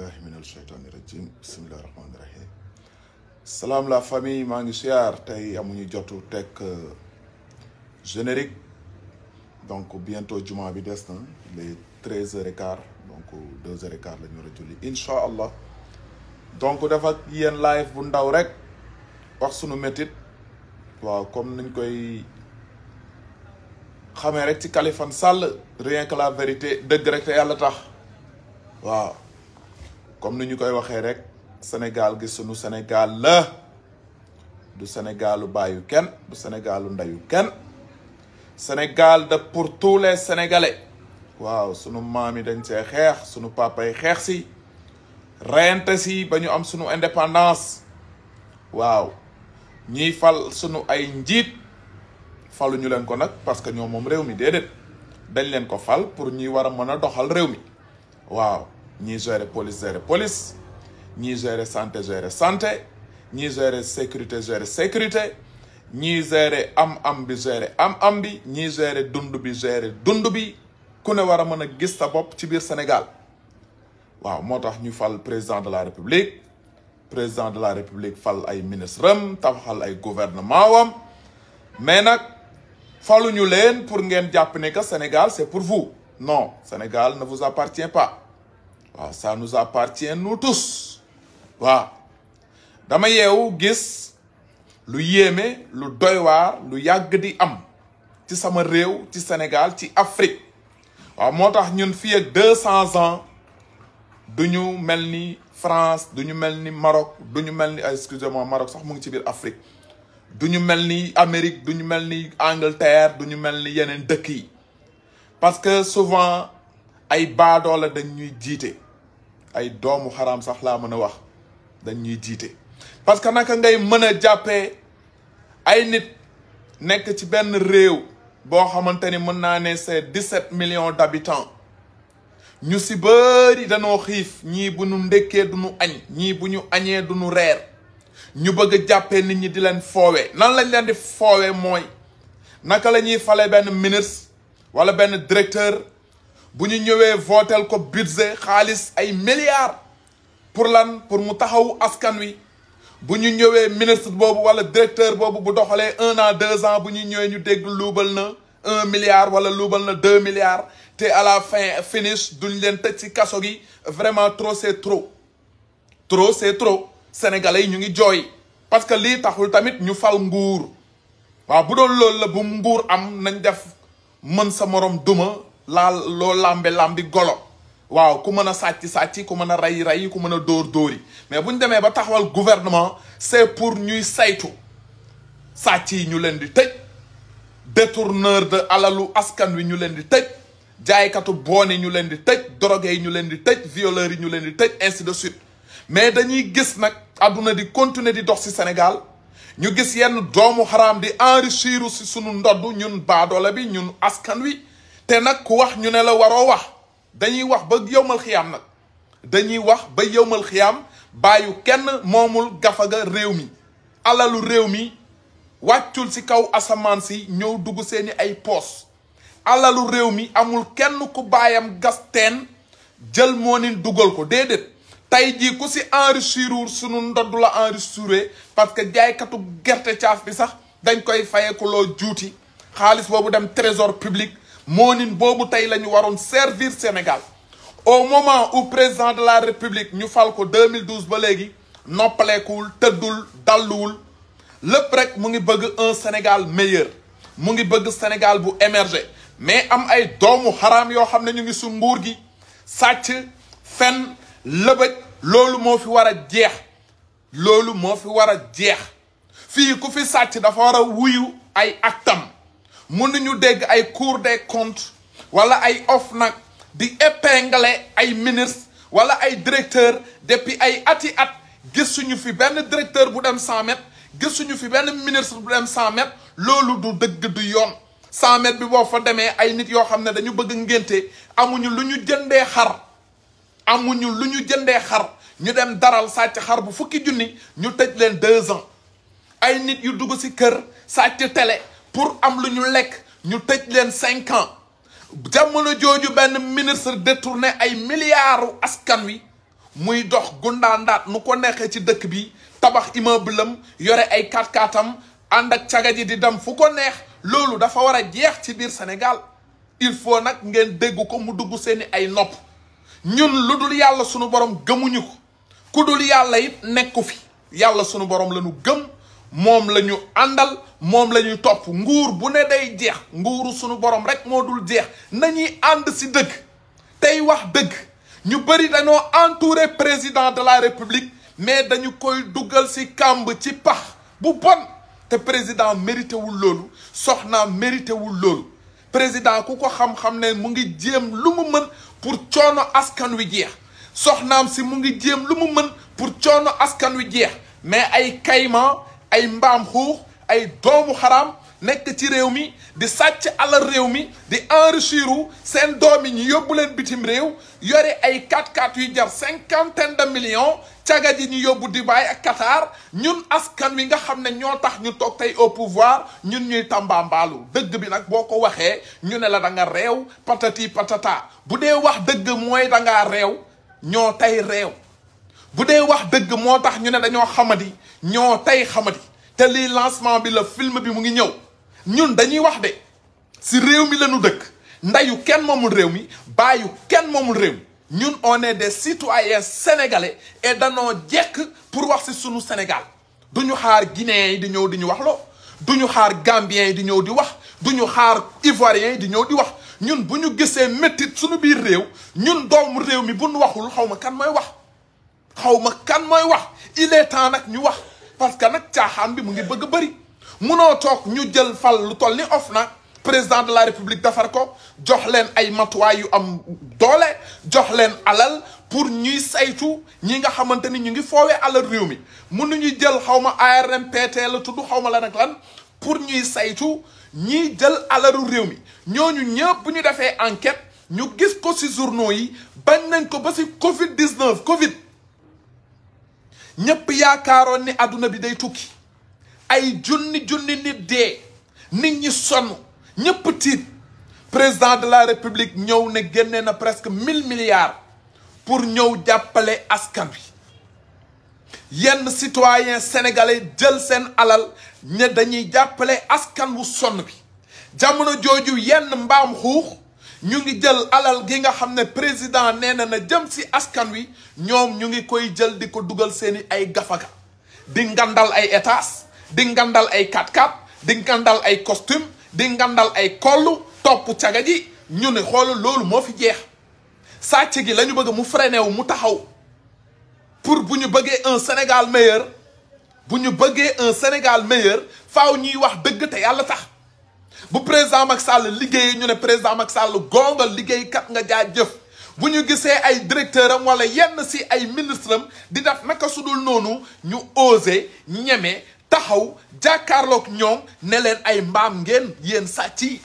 billahi min alsheytaani rajim bismillahi rahmaani rahim salaam la famille maa ngi siyaar tey amuñu jotu teg euh, générique donc biento juma bi des na les treize heures et donc deux heures et quart la ñu war a julli incha allah donc dafa yéen live bu ndaw rek wax sunu mettit waaw comme niñ koy xamee rek ci kalifan Sall rien que la vérité dëgg rek te yàlla tax waaw comme ni ñu koy waxee rek Sénégal gi sunu Sénégal la du Sénégalu baayu kenn du Sénégalu ndeyu kenn Sénégal de pour tous les Sénégalais waaw sunu maam yi dañ see xeex sunu papa xeex si reyante si ba ñu am sunu indépendance waaw ñiy fal sunu ay njiit faluñu leen ko nag parce que ñoom moom réew mi déedéet dañ leen ko fal pour ñuy war a mën a doxal réew mi waaw ñiy gérer police gérer police ñiy gérer santé gérer santé ñiy gérer sécurité gérer sécurité ñiy gérer am-am bi gérer am-am bi ñiy gérer dund bi gérer dund bi ku ne war a mën a gis sa bopp ci biir Sénégal waaw moo tax ñu fal président de la république président de la république fal ay ministre am tabaxal ay gouvernement wam mais nag faluñu leen pour ngeen jàpp ne que Sénégal c'est pour vous non Sénégal ne vous appartient pas waaw ah, ça nous appartient nous tous waaw dama yeewu gis lu yéeme lu doy waar lu yàgg di am ci sama réew ci Sénégal ci Afrique waaw moo tax ñun fi ak deux cents ans du ñu mel ni France du ñu mel ni Maroc du ñu mel ni ah, excusez-moi Maroc sax mu ngi ci biir Afrique du ñu mel ni Amérique du ñu mel ni Angleterre du ñu mel ni yeneen dëkk yi parce que souvent ay baadoola dañ ñuy jiite ay doomu xaram sax laa mën a wax dañ ñuy jiite parce que naka ngay mën a jàppee ay nit nekk ci benn réew boo xamante ni mën naa ne c'est 17 millions d'habitants ñu si bëri danoo xiif ñii bu ñu ndëkkee du ñu añ ñii bu ñu añee du ñu reer ñu bëgg jàppee nit ñi di leen foowee nan lañ leen di foowee mooy naka lañuy ñuy fale benn ministre wala benn directeur bu ñu ñëwee votel ko budget xaalis ay milliards pour lan pour mu taxawu askan wi bu ñu ñëwee ministre boobu wala directeur boobu bu doxalee un an deux ans bu ñu ñëwee ñu dégg luubal na un milliard wala luubal na deux milliards te à la fin finish duñ leen tëj ci kaso gi vraiment trop c'est trop trop c'est trop sénégalais yi ñu ngi jooy parce que lii taxul tamit ñu fal nguur waa bu doon loolu la bu nguur am nañ def mën sa morom duma laa loo lambe lambi golo waaw ku mën a sàcc sàcc ku mën a rey rey ku mën a dóor dóori mais bu ñu demee ba taxawal gouvernement c'est pour ñuy saytu sàcc yi ñu leen di tëj détourneur de alalu askan wi ñu leen di tëj jaaykatu boone ñu leen di tëj drogué yi ñu leen di tëj violeurs yi ñu leen di tëj ainsi de suite mais dañuy gis nag àdduna di continuer di dox ci Sénégal ñu gis yenn doomu xaraam di enrichir ci sunu ndodd ñun baadoole bi ñun askan wi te nag ku wax ñu ne la waroo wax dañuy wax ba yowmal xiyaam nag dañuy wax ba yowmal xiyaam bàyyu kenn moomul gafaga réew mi alalu réew mi wàccul ci kaw asamaan si ñëw dugg seeni ay poos alalu réew mi amul kenn ku baayam gas teen jël moo nin dugal ko déedéet tey jii ku ci enrichir sunu ndodd la enrichir parce que jaaykatu gerte caaf bi sax dañ koy fayeeku juuti xaalis boobu dem trésor public moo moonin boobu tey la ñu waroon service Sénégal au moment où président de la République ñu fal ko 2012 ba léegi noppaleekuwul tëddul dalluwul lépp rek mu ngi bëgg un Sénégal meilleur mu ngi bëgg Sénégal bu émerger mais am ay doomu xaraam yoo xam ne ñu ngi su nguur gi sàcc fen lëbëj loolu moo fi war a jeex loolu moo fi war a jeex fii ku fi sàcc dafa war a wuyu ay aktam mënuñu dégg ay cour de comptes wala ay nag di épingler ay ministre wala ay directeur depuis ay ati at gisuñu fi benn directeur bu dem 100 mètres gisuñu fi benn ministre bu dem 100 loolu du dëgg du yoon 100 bi boo fa demee ay nit yoo xam ne dañu bëgg ngénte amuñu lu ñu jëndee xar amuñu lu ñu jëndee xar ñu dem daral sàcc xar bu fukki junni ñu tëj leen deux ans ay nit yu dugg ci kër sàcc tele pour am lu ñu lekk ñu tëj leen cinq ans jamono jooju benn ministre détourné ay milliards askan wi muy dox gundaandaat nu ko neexee ci dëkk bi tabax immeuble am yore ay kat-katam ànd ak caga di dem fu ko neex loolu dafa war a jeex ci biir Sénégal il faut nag ngeen dégg ko mu dugg seeni ay nopp ñun lu dul yàlla sunu borom gëmuñu ko ku dul yàlla it nekku fi yàlla sunu borom la ñu gëm moom la ñu àndal moom la ñuy topp nguur bu ne day jeex nguuru sunu borom rek moo dul jeex nañuy ànd si dëgg tey wax dëgg ñu bëri dañoo entouré président de la république mais dañu koy dugal si kamb ci pax bu bon te président mérité wul loolu soxna mérité wul loolu président ku ko xam-xam ne mu ngi jéem lu mu mën pour coono askan wi jeex soxnaam si mu ngi jéem lu mu mën pour coono askan wi jeex mais ay kayma ay mbaam xuux ay doomu xaram nekk ci réew mi di sàcc alal réew mi di enrichir seen doom yi ñu yóbbu leen bitim réew yore ay 4 x yu jar cinquante de million caga ji ñu yóbbu di bàyyi ak Qatar ñun askan wi nga xam ne ñoo tax ñu toog tey au pouvoir ñun ñuy tàmbaambaalu dëgg bi nag boo ko waxee ñu ne la da nga réew patati patata bu dee wax dëgg mooy da ngaa réew ñoo tey réew. bu dee wax dëgg moo tax ñu ne dañoo xamadi ñoo tey xamadi te lii lancement bi la film bi mu ngi ñëw ñun dañuy wax de si réew mi lañu dëkk ndeyu kenn moomul réew mi baayu kenn moomul réew mi ñun on est des citoyens sénégalais et danoo jekk pour wax si sunu Sénégal duñu xaar guinéens yi di ñëw di ñu wax loo duñu xaar gambiens yi di ñëw di wax ñu xaar ivoiriens yi di ñëw di wax ñun bu ñu gisee méttit sunu biir réew ñun doomu réew mi bu nu waxul xaw ma kan mooy wax xaw ma kan mooy wax il est temps nag ñu wax parce que nag caaxaan bi mu ngi bëgg a bëri munoo toog ñu jël fal lu toll ni of na président de la république defar ko jox leen ay matuwaay yu am doole jox leen alal pour ñuy saytu ñi nga xamante ni ñu ngi foowee alal réew mi ñuy jël xaw ma ARMPT la tudd xaw ma lan ak lan pour ñuy saytu ñiy jël alalu réew mi ñooñu ñëpp bu ñu defee enquête ñu gis ko si journaux yi bañ nañ ko ba ci Covid 19 Covid. ñëpp yaakaaroon ni àdduna bi day tukki ay junni junni nit dee nit ñi sonn ñëpp tiit président de la république ñëw ne génne na presque mille milliards pour ñëw jàppale askan wi yenn citoyen sénégalais jël seen alal ne dañuy jàppale askan wu sonn bi jamono jooju yenn mbaam xuux ñu ngi jël alal gi nga xam ne président nee na na jëm si askan wi ñoom ñu ngi koy jël di ko dugal seeni ay gafaka di ngandal ay étage di ngandal ay 4x4 di ngandal ay costume di ngandal ay koll topp caga gi ñu ne xool loolu moo fi jeex sàcc gi la bëgg mu freiné mu taxaw pour bu ñu bëggee un Sénégal meilleur bu ñu bëggee un Sénégal meilleur faaw ñuy wax dëgg te yàlla tax bu président Macky Sall liggéey ñu ne président Macky Sall liggéey kat nga jëf bu ñu gisee ay directeur am wala yenn si ay ministre am di def naka sudul noonu ñu oser ñeme taxaw jàkkaarloog ñoom ne leen ay mbaam ngeen yéen sàcc yi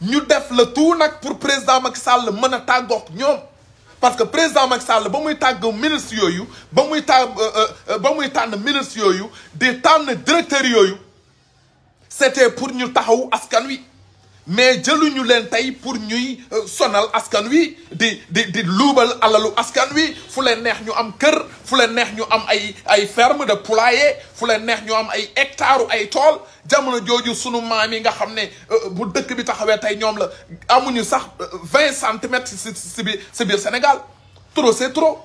ñu def le tout nag pour président Macky Sall mën a tàggoog ñoom parce que président Macky Sall ba muy tàgg ministre yooyu ba muy tàgg euh, euh, euh, ba muy tànn ministre yooyu di tànn directeur yooyu c'était pour ñu taxaw askan wi mais jëluñu leen tey pour ñuy euh, sonal askan wi di di di luubal alalu askan wi fu leen neex ñu am kër fu leen neex ñu am ay ay ferme de poulailler fu leen neex ñu am ay hectares ay tool jamono jooju sunu maam yi nga xam ne euh, bu dëkk bi taxawee tey ñoom la amuñu sax euh, vingt centimètres si si biir Sénégal trop c'est trop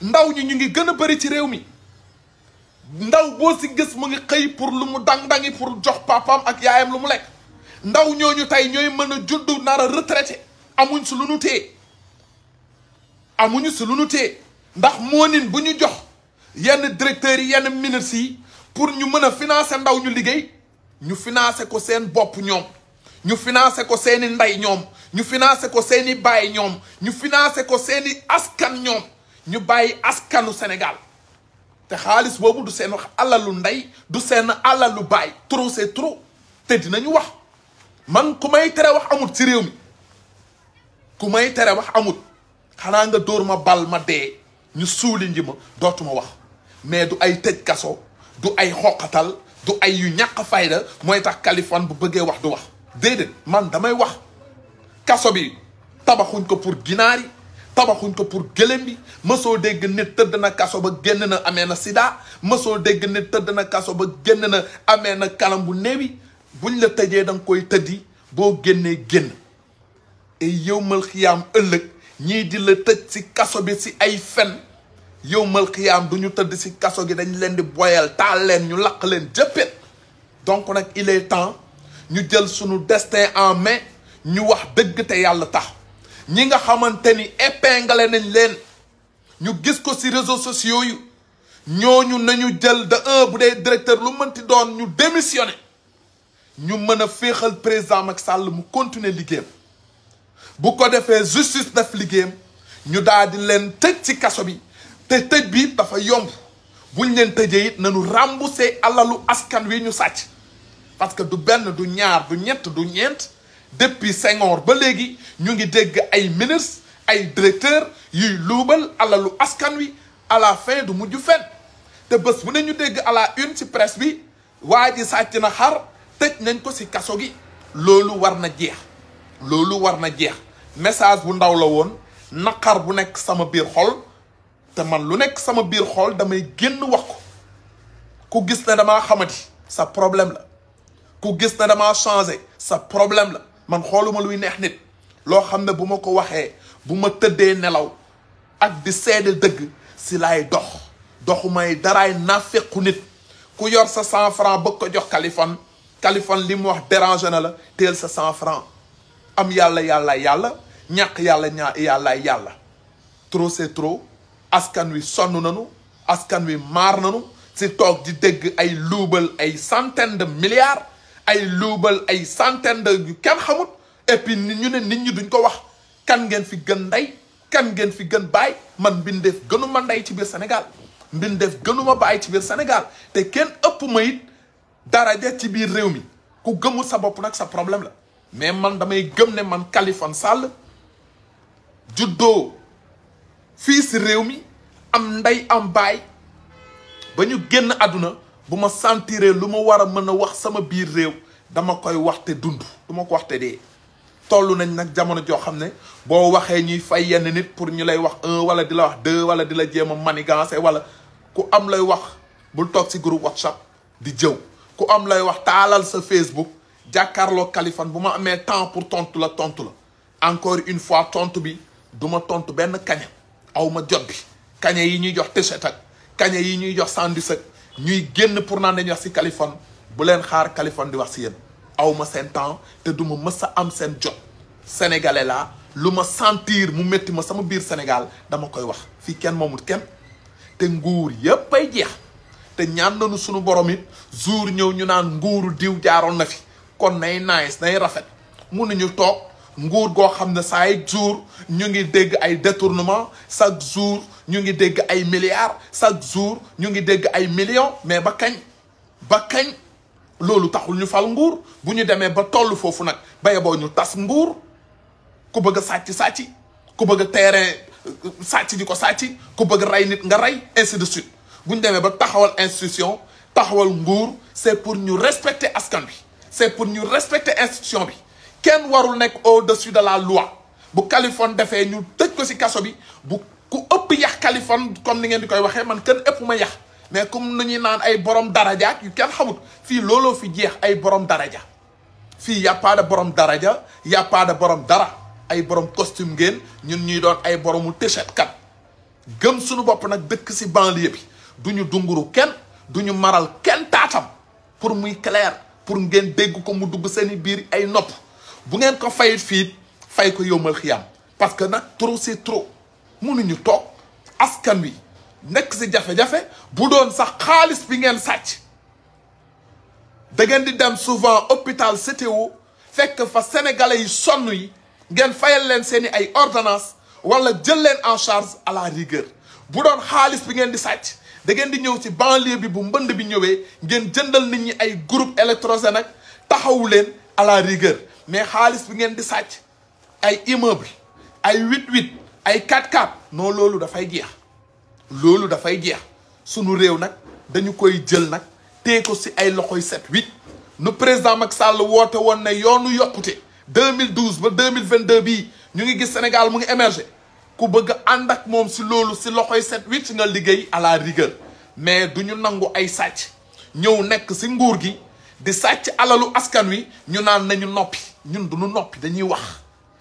ndaw ñi ñu ngi gën a bëri ci réew mi. ndaw boo si gis mu ngi xëy pour lu mu dang-dangi pour jox papaam ak yaayam lu mu lekk ndaw ñooñu tey ñooy mën a judd nar a retraité amuñ si lu nu téye amuñu si lu nu téye ndax moo nin bu ñu jox yenn directeurs yi yenn ministres yi pour ñu mën a financer ndaw ñu liggéey ñu financer ko seen bopp ñoom ñu financer ko seeni ndey ñoom ñu financer ko seeni baay ñoom ñu financer ko seeni askan ñoom ñu bàyyi askanu Sénégal te xaalis boobu du seen wax alalu ndey du seen alalu baay trop c'est trop te dinañu wax man ku may tere wax amut ci réew mi ku may tere wax amut xanaa nga dóor ma bal ma dee ñu suuli nji ma dootuma wax mais du ay tëj kaso du ay xoqatal du ay yu ñàkk fayda mooy tax Kaliphone bu bëggee wax du wax déedéet man damay wax kaso bi tabaxuñ ko pour ginaar yi tabaxuñ ko pour gëlëm bi mësoo dégg nit tëdd na kaso ba génn na amee na sidaa mësoo dégg nit tëdd na kaso ba génn na amee na kanam bu néewi buñ la tëjee da nga koy tëddi boo génnee génn et yowmal xiyaam ëllëg ñii di la tëj ci kaso bi ci ay fen yowmal xiyaam du ñu tëdd ci kaso gi dañ leen di boyal taal leen ñu laq leen jëppit donc nag il est temps ñu jël sunu destin en mais ñu wax dëgg te yàlla tax ñi nga xamante ni épinglé nañ leen ñu gis ko ci réseaux sociaux yu ñooñu nañu jël de un bu dee directeur lu mënti doon ñu démissionné ñu mën a féexal président Macky Sall mu continuer liggéeyam bu ko defee justice def liggéeyam ñu daal di leen tëj ci kaso bi te tëj bi dafa yomb buñ leen tëjee it nañu remboursé alalu askan wi ñu sàcc parce que du benn du ñaar du ñett du ñeent depuis Senghor ba léegi ñu ngi dégg ay minis ay directeur yuy luubal alalu askan wi à la fin du mujj fen te bés bu ne ñu dégg à la une ci presse bi waa ji sàcc na xar tëj nañ ko ci kaso gi loolu war na jeex loolu war na jeex message bu ndaw la woon naqar bu nekk sama biir xol te man lu nekk sama biir xol damay génn wax ko ku gis ne damaa xamati sa problème la ku gis ne damaa changé sa problème la man xooluma luy neex nit loo xam ne bu ma ko waxee bu ma tëddee nelaw ak di seede dëgg si laay dox doxumay daraay naafequ nit ku yor sa cent franc bëgg ko jox kalifon Kaliphone li mu wax déranger na la teel sa cent franc am yàlla yàlla yàlla ñàkk yàlla ñaa yàlla yàlla trop c'est trop askan wi sonn nanu askan wi maar nanu si toog di dëgg ay luubal ay centaine de milliards ay luubal ay centaine de yu kenn xamut et puis ñu ne nit ñi duñ ko wax kan ngeen fi gën ndey kan ngeen fi gën baay man mbindeef gënu ma ndey ci biir Sénégal mbindeef gënu ma baay ci biir senegal te kenn ëpp ma it daraja ci biir réew mi ku gëmul sa bopp nag sa problème la mais man damay gëm ne man Kaliphone Sall juddoo fii si réew mi am ndey am baay ba ñu génn àdduna bu ma sentiree lu ma war a mën a wax sama biir réew dama koy waxte dund du ma ko waxte dee toll nañ nag jamono joo xam ne boo waxee ñuy fay yenn nit pour ñu lay wax un wala di la wax deux wala di la jéem a manigancé wala ku am lay wax bul toog ci groupe whatsapp di jëw ku am lay wax taalal sa facebook jàkkaarloo kalifan bu ma amee temps pour tontu la tontu la encore une fois tontu bi du ma tontu benn kaña aw ma jot bi kaña yi ñuy jox t-shirt ak kaña yi ñuy jox sandwich ñuy génn pour naan dañuy wax ci Kaliphone bu leen xaar Kaliphone di wax ci yéen awma seen temps te du ma mës a am seen jot sénégalais laa lu ma sentir mu métti ma sama biir Sénégal dama koy wax fii kenn moomut kenn te nguur yépp ay jeex te ñaan nañu suñu borom it jour ñëw ñu naan nguuru diw jaaroon na fi kon nay nice nay rafet mun nañu toog nguur goo xam ne chaque jour ñu ngi dégg ay détournement chaque jour ñu ngi dégg ay milliards chaque jour ñu ngi dégg ay millions mais ba kañ ba kañ loolu taxul ñu fal nguur bu ñu demee ba toll foofu nag ba boo ñu tas nguur ku bëgg sàcc sàcc ku bëgg terrain euh, sàcc di ko sàcc ku bëgg rey nit nga rey ainsi suite bu ñu demee ba taxawal institution taxawal nguur c'est pour ñu respecter askan bi c'est pour ñu respecter institution bi kenn warul nekk de dessus de la loi bu Kaliphone defee ñu tëj ko ci kaso bi bu ku ëpp yax Kaliphone comme ni ngeen di koy waxee man kenn ëpp ma yax mais comme nañuy naan ay borom dara ak yu kenn xawut fii looloo fi jeex ay borom daraja fii y a borom daraja y a borom dara ay borom costume ngeen ñun ñuy doon ay boromu t-shirt kat gëm suñu bopp nag dëkk ci banlieue bi du ñu dunguru kenn du ñu maral kenn taatam pour muy clair pour ngeen dégg ko mu dugg seen biir ay nopp bu ngeen ko fayit fii fay ko yowmal xiyam parce que nag trop c'est trop mënuñu toog askan wi nekk si jafe-jafe bu doon sax xaalis bi ngeen sàcc da ngeen di dem souvent hôpital CTO fekk fa sénégalais yi sonn yi ngeen fayal leen seeni ay ordonnance wala jël leen en charge à la rigueur bu doon xaalis bi ngeen di sàcc da ngeen di ñëw ci banlieue bi bu mbënd bi ñëwee ngeen jëndal nit ñi ay groupe électrogène ak taxawu leen à la rigueur mais xaalis bi ngeen di sàcc ay immeuble ay huit huit ay quatre quatre non loolu dafay jeex loolu dafay jeex sunu réew nag dañu koy jël nag tee ko si ay loxoy set huit nu président mag Sall woote woon ne yoonu yokkute 2012 ba 2022 bii ñu ngi gis Sénégal mu ngi émerger ku bëgg ànd ak moom si loolu si loxoy set si nga liggéey à la mais du ñu nangu ay sàcc ñëw nekk si nguur gi. di sàcc alalu askan wi ñu naan nañu noppi ñun du ñu noppi dañuy wax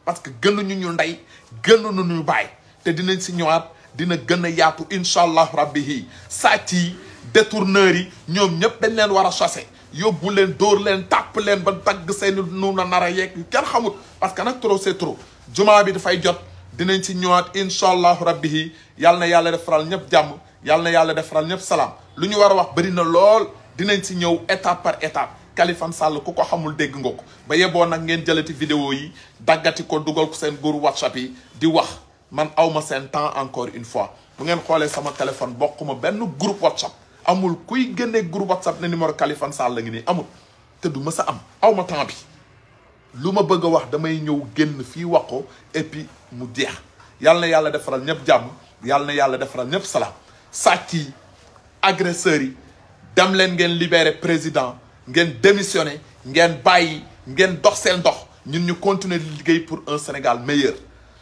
parce que gënuñu ñu ndey gënuñu ñu bàyyi te dinañ si ñëwaat dina gën a yaatu incha allahu rabbihi sàcc yi détourneurs yi ñoom ñëpp dañ leen war a sose yóbbu leen dóor leen tàpp leen ba dagg seen nu na nar a yeeg yu kenn xamut parce que nag trop c'est trop jumaa bi dafay jot dinañ si ñëwaat incha allahu rabbihi yal na yàlla defaral ñëpp jàmm yàlla na yàlla defaral ñëpp salaam lu ñu war a wax na lool. dinañ si ñëw état par étape Kalifone Sall ku ko xamul dégg nga ko ba yeboon nag ngeen jëlati vidéo yi daggati ko dugal ko seen góor WhatsApp yi di wax man awma seen temps encore une fois bu ngeen xoolee sama téléphone ma benn group WhatsApp amul kuy génnee groupe WhatsApp ne numéro Kalifone Sall la nii amul te du ma sa am awma temps bi lu ma bëgg a wax damay ñëw génn fii wax ko et mu jeex yàlla yàlla defaral ñëpp jàmm yàlla na yàlla defaral ñëpp salaam sàcc yi agresseurs yi dem leen ngeen libere président ngeen démissionner ngeen bàyyi ngeen dox seen dox ñun ñu continuer di liggéey pour un Sénégal meilleur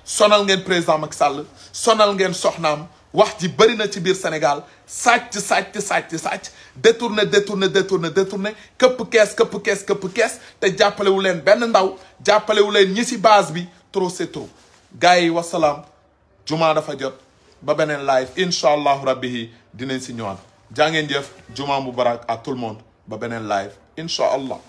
sonal ngeen président mag sàll sonal ngeen soxnaam wax ji bëri na ci biir Sénégal sàcc sàcc sàcc sàcc détourné détourné détourné détourné këpp kees këpp kees këpp kees te jàppalewu leen benn ndaw jàppalewu leen ñi si base bi trop c'est trop gars yi wasalaam jumaa dafa jot ba beneen live incha allahu rabbi dinañ si ñëwaat jaa ngeen jëf jumaa mubarak à tout le monde ba beneen live incha allah